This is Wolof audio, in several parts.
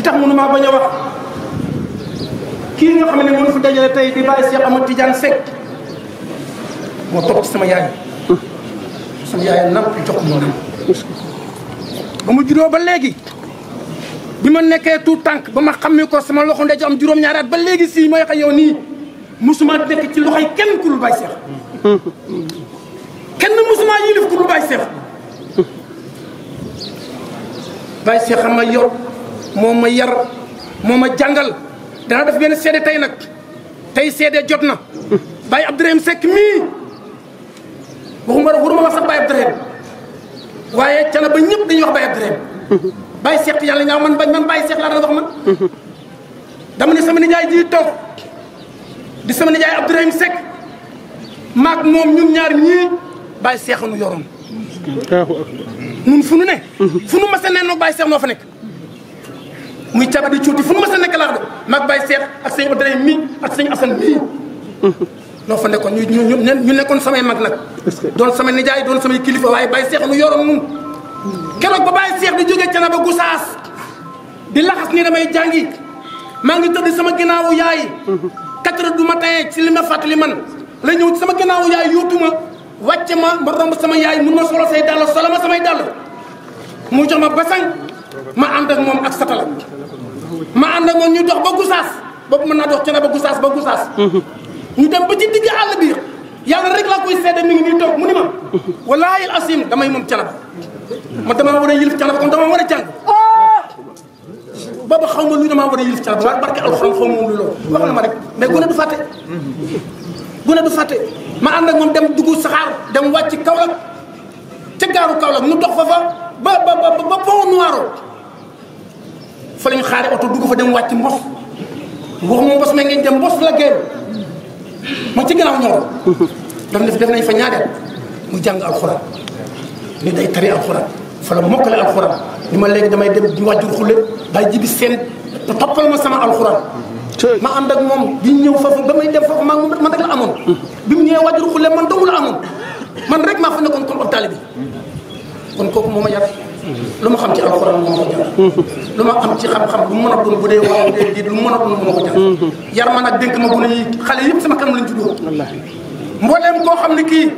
li tax munuma baña wax ki nga xamne mo fu dajale tay di baye Cheikh Amadou Tidiane Seck moo topp sama yaay sama yaay namp jox mo moo ba mu juro ba legi bima nekké tout tank ba ma xamé ko sama loxo ci am juroom ñaaraat ba legi si moy xay yow ni musuma nekk ci loxay kenn ku dul Baye Cheikh kenn musuma yilif ku dul Baye Cheikh Baye Cheikh xama yor moom ma yar moom a jàngal danaa def benn seede tey nag tey seede jot na Baye Abdourahim Seck mii waxuma rek waruma wax sax Baye Abdourahim waaye cana ba ñëpp dañuy wax Baye Abdourahim Baye Seck yàlla ñaaw man bañ man Baye Seck laa daan wax man dama ne sama nijaay ji toog di sama nijaay Abdourahim Seck maag moom ñun ñaar ñii Baye Seck nu yoroon nun fu nu ne fu nu masa ne noog Baye Seck noo fa nekk muy caba di cuuti fu mu mës a nekk laax bay seet ak seigne ibrahim mi ak seigne Assane mi noo fa nekkoon ñu ñu ñu nekkoon samay mag nak doon samay nijaay doon samay kilifa way bay seex nu yoro mu keroog ko bay seex di ci na ba gusaas di laxas ni ya damay ya jangi ma ngi tëdd sama ginnaawu yaay katra du matay ci lima ma man la ñëw sama ginnaawu yaay yóotu ma ma ba romb sama yaay mu no solo say dal solo ma samay mu jox ma basang ma and ak mom ak satala ma ande ak ñu dox ba Gossas ba mën na dox ci na ba Gossas ba Gossas ñu dem ba ci digg all bi yalla rek la koy sédé mi ngi nii toog mu ni ma al asim damay moom canaba ma dama war yilf yëlif canaba comme damaa war a jàng booba lu dama war yilf yëlif barke al xam xam moom lu lo wax na ma rek mais gune du faté gune du faté ma ànd ak dem duggu saxar dem wacc Kaolack ci garu Kaolack nu dox fa fa ba ba ba ba pont noiro fa la ñu xaare oto dugg fa dem wàcc mbos ma mbos mais ngeen dem mbos la génn ma ci gannaaw ñor daf def def nañ fa ñaareel mu jàng alxuraan ni day tari alxuraan fa la mokkale alxuraan ni ma léegi damay dem di wàjjur xulle bàyyi jibi seen toppal ma sama alxuraan ma ànd ak moom di ñëw foofu ba may dem foofu ma moom man rek la amoon bi mu ñëwee wàjjur xulle man doomu la amoon man rek maa fa nekkoon kon ab taalibe bi kon kooku moo ma yar lu ma xam ci alxuraan moo ko lu ma xam ci xam-xam lu mën a doon bu dee waaw bu dee diit lu mën a doon moo ko jàng yar ma nag dénk ma bu ne yi xale yëpp sama kanam lañ juddoo mbooleem koo xam ne kii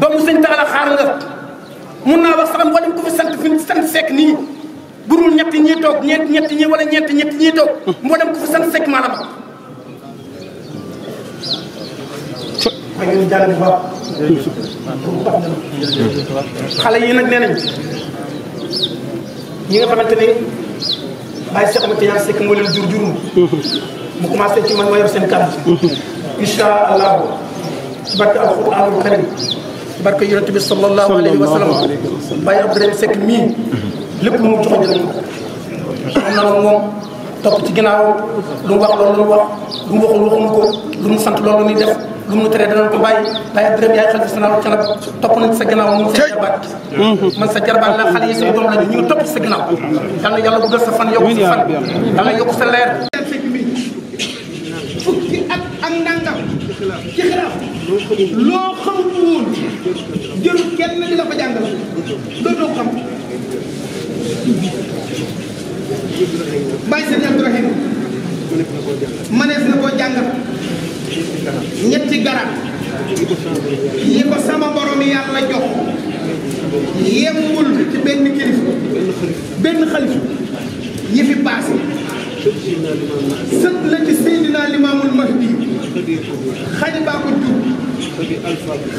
doomu sëñ taala xaar nga mun naa wax sax mbooleem ko fi sant fi sant sekk nii burul ñetti ñii toog ñeent ñetti ñii wala ñeent ñetti ñii toog mbooleem ko fi sant sekk maanaam da ngeen jàng bu xale yi nag nee nañ ñi nga xamante ni bàyyi Cheikh Ahmed Tidiane Seck moo leen jur jur mu commencé ci man ma yor seen kàddu. incha allah ci barke alxuraanul karim ci barke yonente bi sallallahu alayhi wa sallam Baye Abdourahim Seck mii lépp lu mu jox na loolu moom topp ci ginnaaw lu mu wax loolu lu mu wax loolu ni def. lu mu tere danañ ko bàyyi daay dërëm yaay xalifa général canab topp nañ sa gannaaw mu sa jarbaat man sa jarbaat la xale yi suñu doom la ñu topp sa gannaaw yal na yàlla guddal sa fan yokku sa fan yal na yokku sa leer fukki ak ak ndàngam ci xalaaf loo xamul woon jërul kenn di na koo ñetti garab yi ko sama borom yàlla jox yemmul ci benn kilif benn xalifa yi fi paase sët la ci Seydina Limaamul Mahdi xadi baa ko jur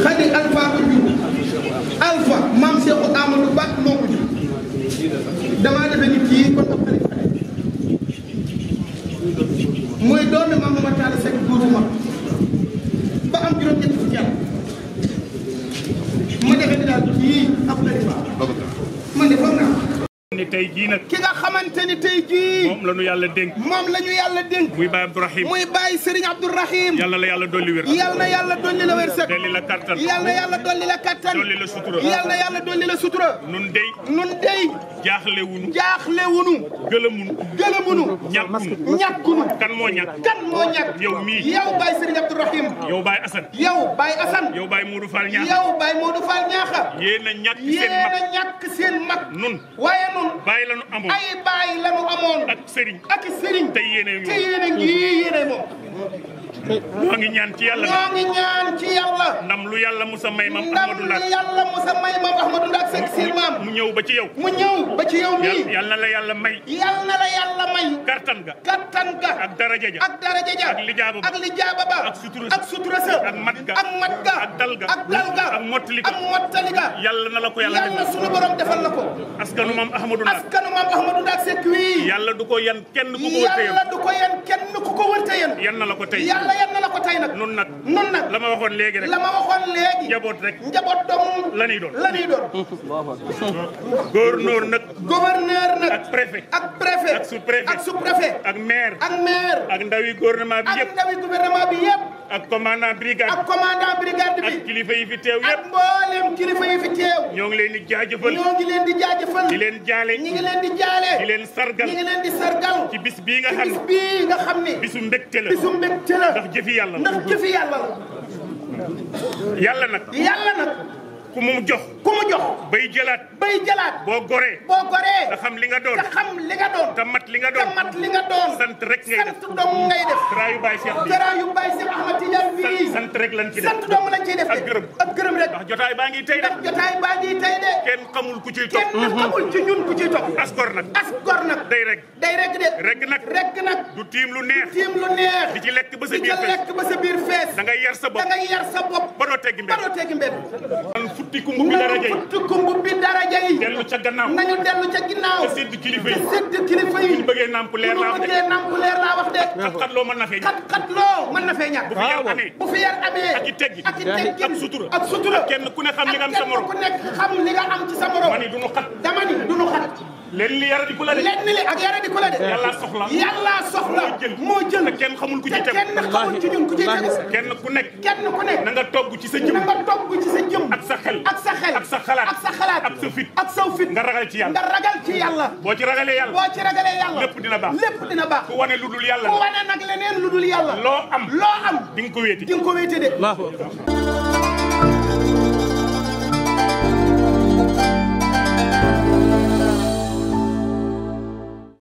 xadi alfaa ko jur ma defee ni daal kii ab xalifa man de ni tey jii nag. ki nga xamante ni tey jii. moom la ñu yàlla dénk. moom la ñu yàlla dénk. muy Baye Abdourahim. muy Baye Serigne Abdourahim. yàlla la yàlla dolli wér. yàlla na yàlla dolli la wér sëkk. dolli la kattan. yàlla na yàlla dolli la kattan. dolli la sutura. yàlla na yàlla dolli la sutura. nun dey. nun dey. jaaxle wunu. jaaxle wunu. gëlëmunu. gëlëmunu. ñàkkunu. ñàkkunu. kan moo ñàkk. kan moo ñàkk. yow mii. yow Baye Serigne Abdourahim. yow Baye Assane. yow Baye Assane. yow Baye Modou Fall Niang. yow Baye Modou Fall Niang. dara. yéen a ñàkk seen mag yéen a ñàkk nun waaye nun bàyyi la nu amoon ay bàyyi la nu amoon. ak sëriñ ak sëriñ. te yéen a ngi moom ñaan ci yàlla ñoo lu yàlla musa may mam Ahmadou Ndack lu yàlla musa mam mu ñëw ba ci yow mu ñëw ba ci yow nii yàlla na la yàlla may yàlla na la yàlla may kattan ga kattan ga ak daraja ja ak daraja ja ak ak lijaaba ba ak ak sutura sa ak mat ga ak mat ga ak dal ga ak dal ak mottali ga ak na la ko yàlla yàlla sunu borom defal la ko askanu mam mam Ahmadou Ndack Seck wii du ko yan kenn ku ko wërte yàlla na la ko tey yàlla yan na la ko tey nag nun nag la ma waxoon léegi rek léegi. njaboot rek njaboot dong. la ñuy doon la ñuy doon. gouverneur nag. gouverneur nag ak préfet. ak préfet ak sous préfet ak sous préfet. ak maire ak maire. ak ndawi gouvernement bi yëpp ak bi yëpp. ak commandant brigade ak commandant brigade bi. ak kilifa yi fi teew yëpp. ak mboolem yi fi teew. ñoo leen di jaajëfal. ñoo ngi leen di jaajëfal. di leen leen di jaale. ñi ngi leen di sargal. ci bis nga xam ne ci bis bii nga xam ne. ndax jëfi yàlla yàlla nag yàlla nag ku mu jox. ku mu jox. bay jëlaat. bay jëlaat. boo goree. boo goree. nga xam li nga doon. nga xam li nga doon. te mat li nga doon. te mat li nga doon. sant rek ngay def sant dong ngay def. daraayu Baye Cheikh bi daraayu Baye Cheikh Ahmad Tidiane sant rek lañ ci def sant dong ciy def. ak gërëm ak gërëm rek. ndax jotaay baa ngi tey de. ndax jotaay baa ngi tey de. kenn xamul ku ciy topp. kenn xamul ci ñun ku ciy topp. as gor nag. as gor nag. day rek. day rek de. rek nag. rek nag. du tiim lu neex. du tiim lu di ci lekk ba sa biir fees. di ci lekk ba sa biir yar sa bopp. da ngay sa bopp. ba doo teggi mbedd. ba doo teggi fuppi kumbu bi dara dellu ca gannaaw nañu dellu ca ginnaaw te sédd kilifa yi te sédd wax de bëggee namp loo mën na fee ñàkk xat loo mën na fee bu fi yar amee bu fi ak i teggi ak i teggi ak sutura ak sutura kenn ku ne xam li nga sa morom ku nekk xam li ci sa lenn li di ku la de. lenn li ak yaradi ku la de. yàlla soxla yàlla moo jël te kenn xamul ku ci tem. kenn xamul ci ñun ku ci tem. kenn ku nekk. kenn ku nekk. togg ci sa jëm. na nga ci sa ak sa xel ak sa xel. ak sa xalaat ak sa xalaat. ak sa fit ak sa fit. nga ragal ci yàlla nga ragal ci yàlla. boo ci ragalee yàlla. boo ci ragalee yàlla. lépp dina baax lépp dina baax. ku wane lu dul yàlla. ku wane nag leneen lu dul yàlla. loo am loo am. di ko wéete di nga ko wéete de.